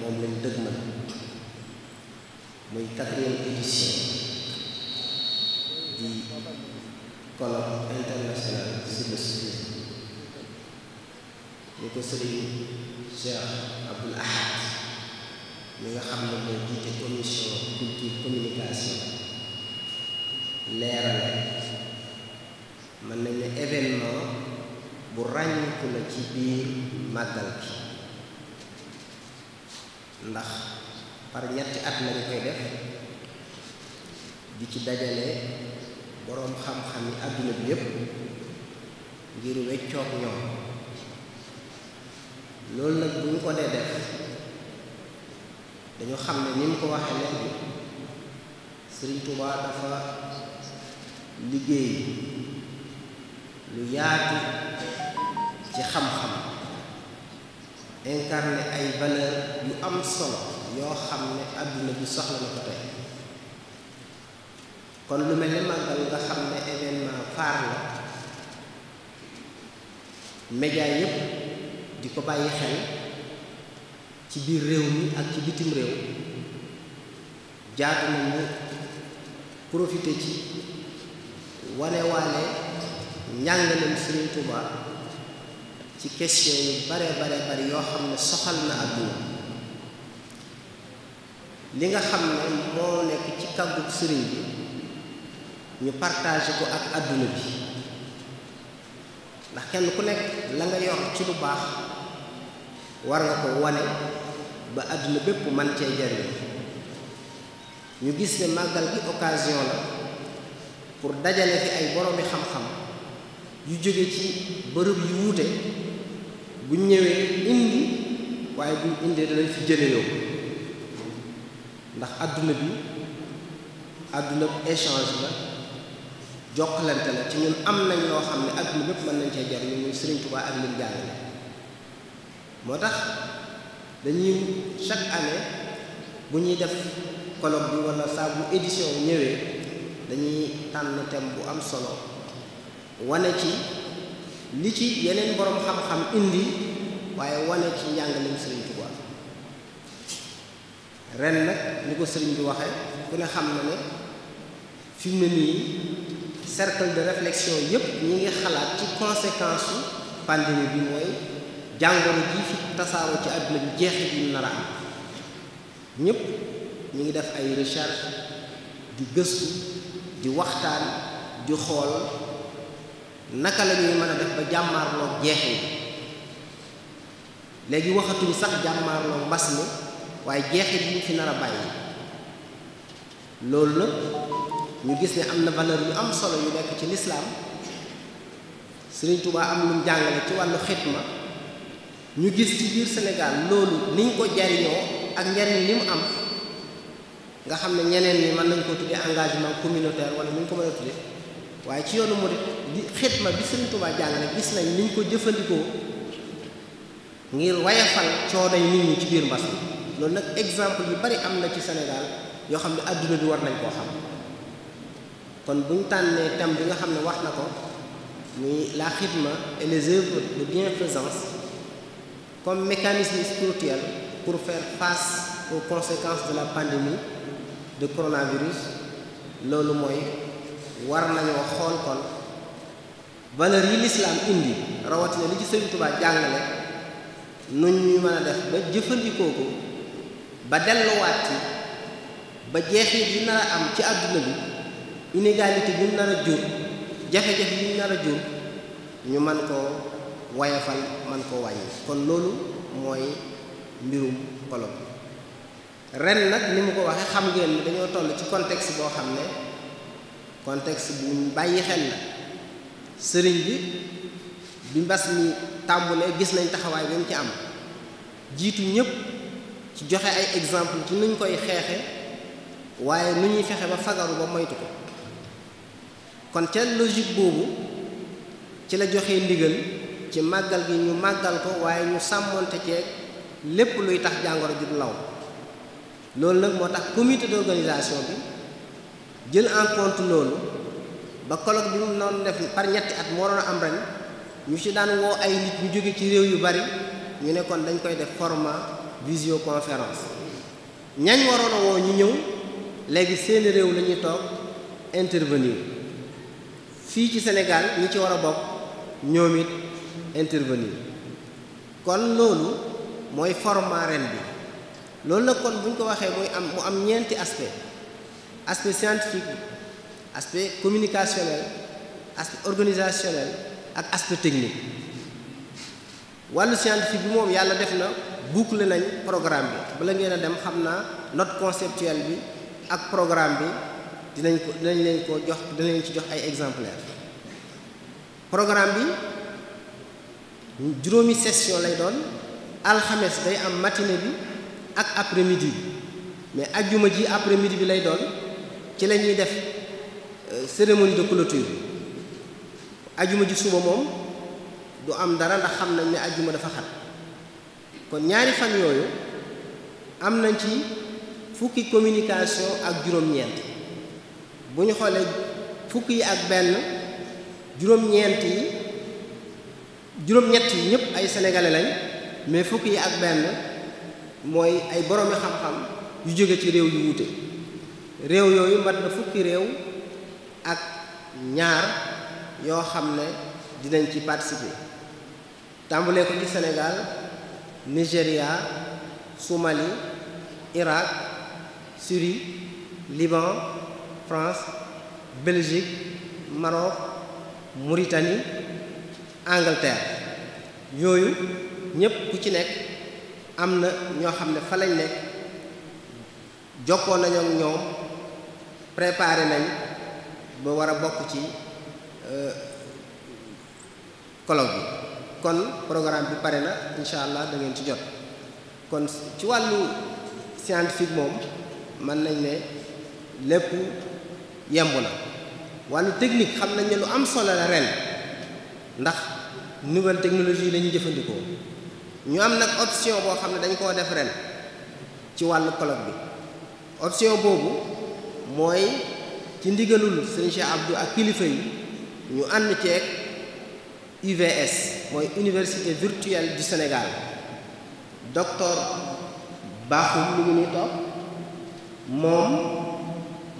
moom lañ dëgmal muy quatrième édition di colloque international sur le soufisme ñu ko sëriñ Cheikh Abdoul Ahad mi nga xam ne mooy jiite commission culture communication leeral mën nañ ne événement bu ràññiku la ci biir màggal bi ndax par ñetti at lañ koy def di ci dajale boroom xam-xam yi àdduna bi yépp ngir weccoog ñoom loolu nag bu ñu ko dee def dañu xam ne ni ko waxee léegi Sëriñ dafa liggéey lu yaatu ci xam-xam incarné ay valeur yu am solo yoo xam ne àdduna bi soxla na ko tey kon lu mel ne màggal nga xam ne événement phare la média yépp di ko bàyyi xel ci biir réew mi ak ci bitim réew jaatu nañu profité ci wanewaale njàngaleem Sëriñ Tuubaa ci question yu bare bare bari yoo xam ne soxal na àdduna li nga xam ne moo nekk ci kàggu sëriñ bi ñu partagé ko ak àdduna bi ndax kenn ku nekk la nga yor ci lu baax war nga ko wane ba àdduna bépp man cee jariñ ñu gis ne màggal gi occasion la pour dajale fi ay boroomi xam-xam yu jóge ci bërëb yu wuute buñ ñëwee indi waaye buñ indee danañ fi jële yow ndax àdduna bi àdduna bu échange la jokkalante la ci ñun am nañ loo xam ne àdduna bépp mën nañ cee jar ñu muy Sëriñ Tuubaa ak lim jàngale moo tax dañuy chaque année bu ñuy def colloque bi wala saa bu édition ñëwee dañuy tànn thème bu am solo wane ci li ci yeneen boroom xam-xam indi waaye wane ci njàngaleem sëriñ Tuubaa ren nag ni ko sëriñ bi waxe ku ne xam na ne fi ne nii cercle de réflexion yépp ñi ngi xalaat ci conséquence su bi mooy jàngoro ji fi tasaaroo ci àdduna bi jeexit yu nar a ñépp ñu ngi def ay recherche di gëstu di waxtaan di xool naka la mën a def ba jàmmaarloog jeexee léegi waxatuñ sax jàmmaarloog mbas mi waaye jeexit yi ci nar a bàyyi loolu la ñu gis ne am na valeur yu am solo yu nekk ci lislaam Sëriñ Tuubaa am lu jàngale ci wàllu xitma ñu gis ci biir Sénégal loolu niñ ko jariñoo ak njariñ li mu am nga xam ne ñeneen ñi mën nañ koo tuddee engagement communautaire wala ñu ko mën a waaye ci yoonu murit di xidma bi Sëriñ Tuubaa jàngale gis nañ niñ ko jëfandikoo ngir wayafal coono yi nit ñi ci biir mbas mi loolu nag exemple yu bari am na ci Sénégal yoo xam ne adduna bi war nañ koo xam kon bu ñu tànnee thème bi nga xam ne wax na ko muy la xidma et les œuvres de bienfaisance comme mécanisme spirituel pour faire face pour conséquence de la pandémie de coronavirus loolu mooy war nañoo xool kon valeur yi lislaam indi rawatina li ci sëñ Tuubaa jàngale nu ñuy mën a def ba jëfandikoo ko ba delluwaat ci ba jeexit yi nar a am ci àdduna bi inégalité bi mu nar a jur jafe-jafe yi nar a jur ñu man koo wayafal man koo wàññi kon loolu mooy mbirum colloque ren nag ni mu ko waxee xam ngeen ni dañoo toll ci contexte boo xam ne contexte bu bàyyi xel la sëriñ bi bi mbas mi tàmbulee gis nañ taxawaay bi ci am jiitu ñëpp ci joxe ay exemple ci nuñ koy xeexe waaye nu ñuy fexe ba fagaru ba moytu ko kon ca logique boobu ci la joxe ndigal ci màggal gi ñu màggal ko waaye ñu sàmmoonte ceeg lépp luy tax jàngoro ju law loolu nag moo tax comité d'organisation bi jël en compte loolu ba colloque bi mu noonu def par ñetti at moo doon am ren ñu ci daan woo ay nit ñu jóge ci réew yu bari ñu nekkoon dañ koy def format visioconférence ñañ waroon a woo ñu ñëw léegi seen réew lañuy ñuy toog intervenir fii ci Sénégal ñi ci war a bokk ñoom it kon loolu mooy format ren bi loolu nag kon buñ ko waxee muy am mu am ñeenti aspect aspect scientifique aspect communicationnel aspect organisationnel ak aspect technique wàllu scientifique bi moom yàlla def na boucler nañ programme bi bala ngeen a dem xam naa not conceptuelle bi ak programme bi dinañ ko dinañ leen ko jox dinañ ci jox ay exemplaires programme bi juróomi session lay doon alxames day am matinée bi ak après midi bi mais ajjuma ji après midi bi lay doon ci la ñuy def euh, cérémonie de clôture ajuma ji suba moom du am dara ndax xam nañ ne ajuma dafa xat kon ñaari fan yooyu am nañ ci fukki communication ak juróom-ñeent bu ñu xoolee fukk yi ak benn juróom-ñeent yi juróom-ñett yi ñëpp ay sénégalais lañ mais fukk yi ak benn mooy ay boroomi xam-xam yu jóge ci réew yu wuute. réew yooyu mat na fukki réew ak ñaar yoo xam ne dinañ ci participer tàmbulee ko ci Sénégal Nigéria somali Irak suri Liban France Belgique Maroc muritani Angleterre yooyu ñépp ku ci nekk am na ñoo xam ne fa lañ nekk jokkoon nañu ak ñoom préparé lañ ba war a bokk ci euh, colloque bi kon programme bi pare na incha allah da ngeen ci jot kon ci wàllu scientifique moom mën nañ ne lépp yemb na wàllu technique xam nañ ne lu am solo la ren ndax nouvelle technologie la jëfandikoo ñu am nag option boo xam ne dañ koo def ren ci wàllu colloque bi option boobu mooy ci ndigalul sëñ Cheikh Abdou ak kilifa yi ñu ànd ceeg UVS mooy université virtuelle du Sénégal docteur Bakhoum mi ngi nii toog moom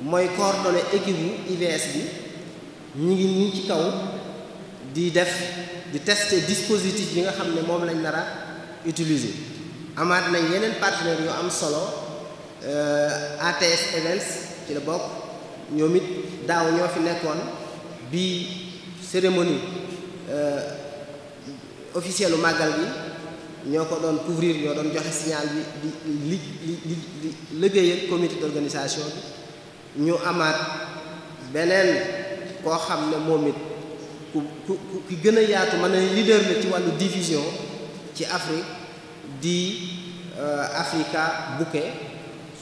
mooy coordonné équipe yu UVS bi ñu ngi nii ci kaw di def di tester dispositif bi nga xam ne moom lañ nar a utiliser amaat nañ yeneen partenaires yu am solo euh, ATS Events ci la bokk ñoom it daaw ñoo fi nekkoon bi cérémonie euh, officielu màggal bi ñoo ko doon couvrir ñoo doon joxe signal bi di li li li di d'organisation bi ñu amaat beneen koo xam ne moom it ku ku ku gën a yaatu mën na leader la ci wàllu division ci Afrique di euh, Africa Bouquet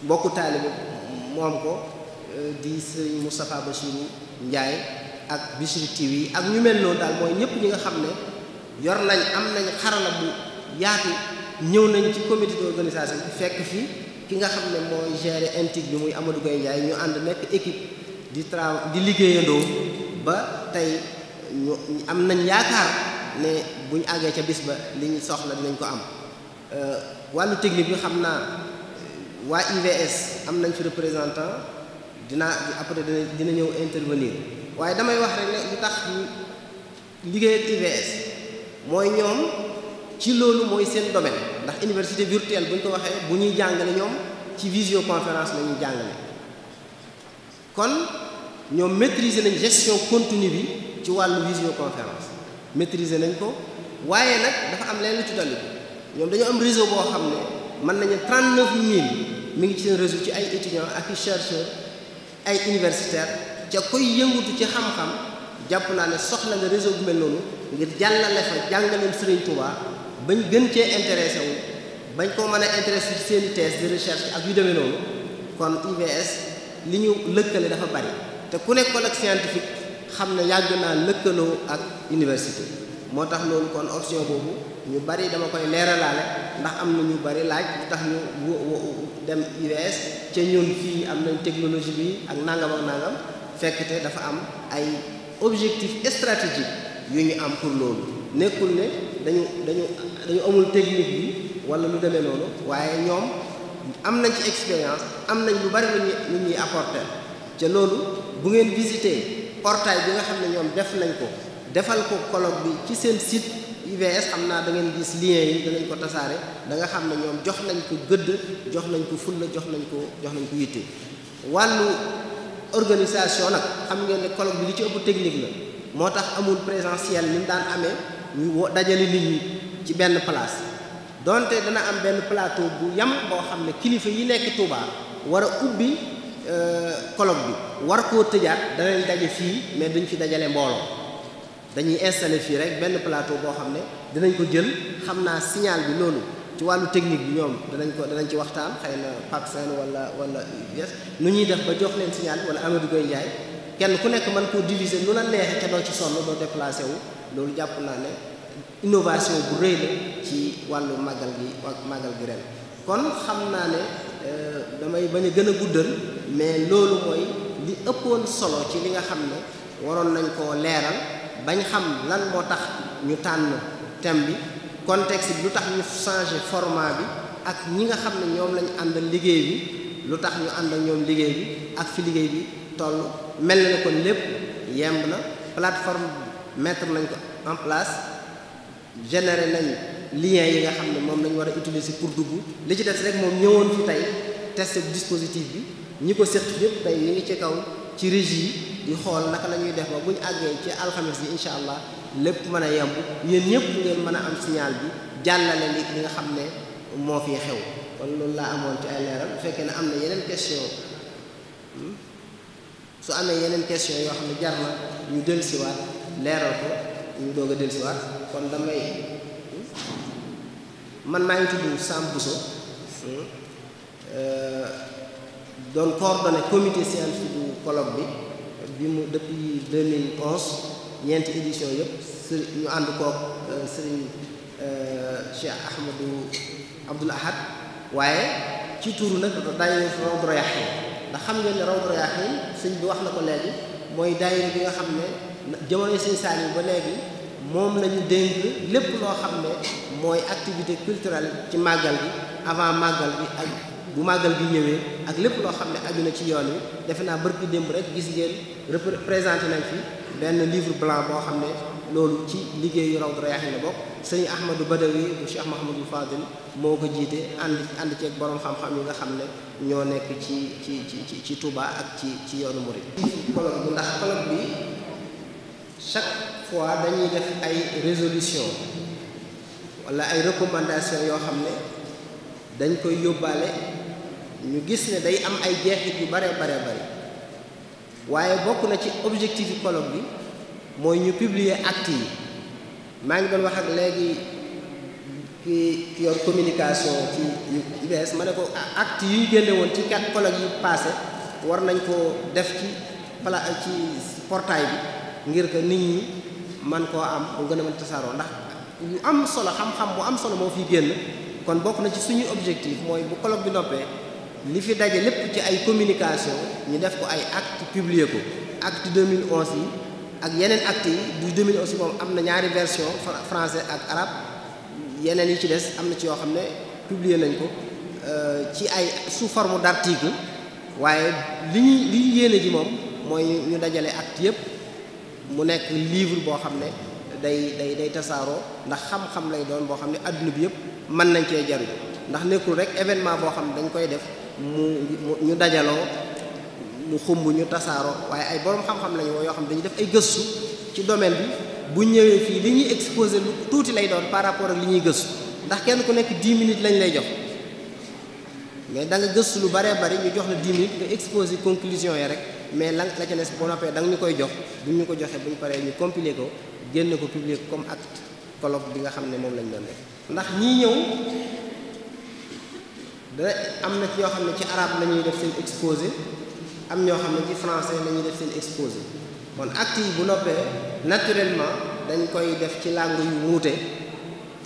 mbokku taalibe moom am ko euh, di sëriñ Moustapha Bassirou Ndiaye ak Bichri TV ak ñu mel noonu daal mooy ñëpp ñi nga xam ne yor nañ am nañ xarala bu yaatu ñëw nañ ci comité d'organisation bi fekk fii ki nga xam ne mooy gérer intique bi muy Amadou Gueye Ndiaye ñu ànd nekk équipe di tra di liggéeyandoo ba tey ñu am nañ yaakaar ne bu àggee ca bis ba li ñu soxla dinañ ko am euh, wàllu technique bi xam naa. waa IVS am nañ fi représentant dina après dina dina ñëw intervenir waaye damay wax rek ne li tax liggéey IVS mooy ñoom ci loolu mooy seen domaine ndax université virtuelle bu ñu ko waxee bu ñuy jàngale ñoom ci visio visioconférence la ñuy jàngale kon ñoom maîtriser nañ gestion continue bi ci wàllu visioconférence maîtriser nañ ko waaye nag dafa am leen lu ci dolli ñoom dañoo am réseau boo xam ne mën nañu 39000 mi ngi ci seen réseau ci ay étudiants ak i chercheurs ay universitaires ca koy yëngutu ci xam-xam jàpp naa ne soxla nga réseau bu mel noonu ngir jàllale fa jàngaleem Serigne Touba bañ gën cee intéressé wu bañ koo mën a intéressé ci seen i thèse de recherche ak yu demee noonu kon IVS li ñu lëkkale dafa bari te ku nekk nekkoon ak scientifique xam ne yàgg naa lëkkaloo ak université. moo tax loolu kon option boobu ñu bari dama koy leeralaale ndax am na ñu bari laaj lu tax ñu dem US ca ñun fii am nañ technologie bi ak nangam ak nangam fekkte dafa am ay objectif stratégique yu ñu am pour loolu nekkul ne dañu dañu dañu amul technique bi wala lu demee noonu waaye ñoom am nañ ci expérience am nañ lu bari lu ñuy lu ñuy apporter ca loolu bu ngeen visiter portail bi nga xam ne ñoom def nañ ko defal ko koloog bi ci seen site IVS am naa da ngeen gis lien yi danañ ko tasaare da nga xam ne ñoom jox nañ ko gëdd jox nañ ko fulla jox nañ ko jox nañ ko yitte wàllu organisation nag xam ngeen ne colloque bi li ci ëpp technique la moo tax amul présentiel ni daan amee ñu dajale nit ñi ci benn place donte dana am benn plateau bu yam boo xam ne kilifa yi nekk Touba war a ubbi euh, colloque bi war koo tëjaat danañ daje fii mais duñ fi dajale mbooloo dañuy installé fii rek benn plateau boo xam ne dinañ ko jël xam naa signal bi loolu ci wàllu technique bi ñoom danañ ko danañ ci waxtaan xëy na Pape Sène wala wala yes nu ñuy def ba jox leen signal wala Amadou Goy Ndiaye kenn ku nekk mën koo diviser lu la neexee te doo ci sonn doo déplacé wu loolu jàpp naa ne innovation bu rëy la ci wàllu màggal gi màggal gi ren kon xam naa ne euh, damay bañ a gën a guddal mais loolu mooy li ëppoon solo ci li nga xam ne waroon nañ koo leeral bañ xam lan moo tax ñu tànn thème bi contexte bi lu tax ñu changé format bi ak ñi nga xam ne ñoom lañ àndal liggéey bi lu tax ñu ànd ak ñoom liggéey bi ak fi liggéey bi toll mel na ne ko lépp yemb na plateforme mettre nañ ko en place généré nañ lien yi nga xam ne moom lañu war a utiliser pour dugg li ci des rek moom ñëwoon fi tey test dispositif bi ñi ko séq yëpp tey ñu ngi ci kaw ci régie yi di xool naka la ñuy def ba bu ñu àggee ci alxames yi incha allah lépp mën a yemb yéen ñëpp ngeen mën a am signal bi jàllale li ki nga xam ne moo fi xew kon loolu laa amoon ci ay leeral bu fekkee ne am na yeneen question hmm? su amee yeneen question yoo xam ne jar na ñu dellusiwaat leeral ko ñu doog a dellusiwaat kon damay hmm? man maa ngi tudd Sam Bousso hmm? euh, doon coordonné comité scientifique du colloque bi bi mu depuis 2011 ñeenti édition yëpp së ñu ànd koog euh, sëriñ euh, Cheikh Ahmadou Abdoul Ahad waaye ci tuuru nag daayira Rawdu Rayaahiin ndax xam ngeen ne Rawdu Rayaahiin bi wax na ko léegi mooy daayira bi nga xam ne jamono sëñ Saaliw ba léegi moom lañu ñu dénk lépp loo xam ne mooy activité culturelle ci màggal bi avant màggal bi ak bu màggal bi ñëwee ak lépp loo xam ne aju na ci yoon wi defe naa bërki démb rek gis ngeen représenté nañ fi benn livre blanc boo xam ne loolu ci liggéeyu raw rayaxin la bokk sëñ Ahmadou Badawi bu Cheikh Mahamadou Fadil moo ko jiite ànd ànd ceeg borom xam-xam yi nga xam ne ñoo nekk ci ci ci ci Touba ak ci ci yoonu Mouride. ci colloque bi ndax colloque bi chaque fois dañuy def ay résolution wala ay recommandations yoo xam ne dañ koy yóbbaale. ñu gis ne day am ay jeexit yu bare bare bari waaye bokk na ci objectif yi colloque bi mooy ñu publier acte yi maa ngi doon wax ak léegi ki yor communication ci UBS ma ne ko ah acte yi ñu génne woon ci quatre colloque yi passé war nañ ko def ci pla ci portaay bi ngir que nit ñi man koo am mu gën a mën tasaaroo ndax lu am solo xam-xam bu am solo moo fi génn kon bokk na ci suñu objectif mooy bu colloque bi noppee li fi daje lépp ci ay communication ñu def ko ay acte publier ko acte 2011 yi ak yeneen acte yi du 2011 moom am na ñaari version français ak arab yeneen yi ci des am na ci yoo xam ne publier nañ ko euh, ci ay sous forme d'article waaye li ñuy li ñu yéene ji moom mooy ñu dajale acte yëpp mu nekk livre boo xam ne day day day tasaaroo ndax xam-xam lay doon boo xam ne adduna bi yëpp mën nañ cee jaru ndax nekkul rek événement boo xam ne dañ koy def mu mu ñu dajaloo mu xumb ñu tasaaroo waaye ay borom xam-xam lañu woo yoo xam ne dañu def ay gëstu ci domaine bi bu ñëwee fii li ñuy exposé lu tuuti lay doon par rapport ak li ñuy gëstu ndax kenn ku nekk 10 minutes lañ lay jox mais da nga gëstu lu baree bari ñu jox na 10 minutes nga exposé conclusion yi rek mais lan la ca des boo noppee da nga ñu koy jox bu ñu ko joxee bu ñu paree ñu compilé ko génne ko publier comme acte colloque bi nga xam ne moom lañ doon def ndax ñii ñëw. dana am na yoo xam ne ci arabe la ñuy def seen exposé am ñoo xam ne ci français la ñuy def seen exposé kon active bu noppee naturellement dañ koy def ci langue yu wuute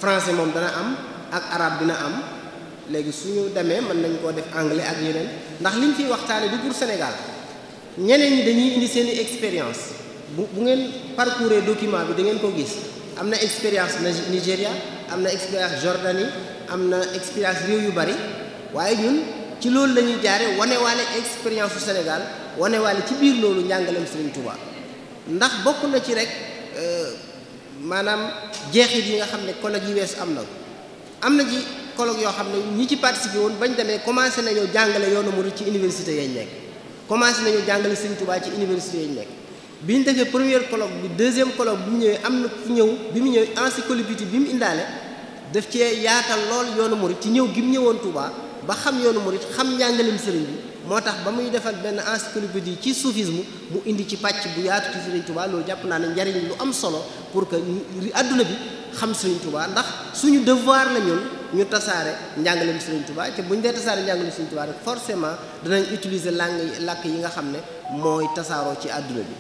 français moom dana am ak arabe dina am léegi suñu demee mën nañ koo def anglais ak yeneen ndax liñ fiy waxtaanee du pour Sénégal ñeneen yi dañuy indi seen i expérience bu bu ngeen parcourir document bi da ngeen ko gis am na expérience Nigéria am na expérience Jordanie am na expérience réew yu bari waaye ñun ci loolu la ñuy jaare wanewaale expérience su Sénégal wanewaale ci biir loolu njàngaleem Serigne Touba ndax bokk na ci rek euh, maanaam jeexit yi nga xam ne colloque yi wees am na am na ci colloque yoo xam ne ñi ci participé woon bañ demee commencé nañoo jàngale yoonu murid ci université yañ nekk commencé nañu jàngale Serigne Touba ci université yañ nekk bi ñu defee première colloque bi deuxième colloque bi ñëwee am na fu ñëw bi mu ñëw encyclopédie bi mu indaale daf cee yaatal lool yoonu murid ci ñëw gi ñëwoon Touba ba xam yoonu murit xam njàngaleem sëriñ bi moo tax ba muy defal benn encyclopédie ci soufisme mu indi ci pàcc bu yaatu ci sëriñ Touba loolu jàpp naa ne njariñ lu am solo pour que àdduna bi xam sëriñ Touba ndax suñu devoir la ñun ñu tasaare njàngaleem sëriñ Touba te bu ñu dee tasaare njàngaleem sëriñ Touba rek forcément danañ utiliser langue làkk yi nga xam ne mooy tasaaroo ci àdduna bi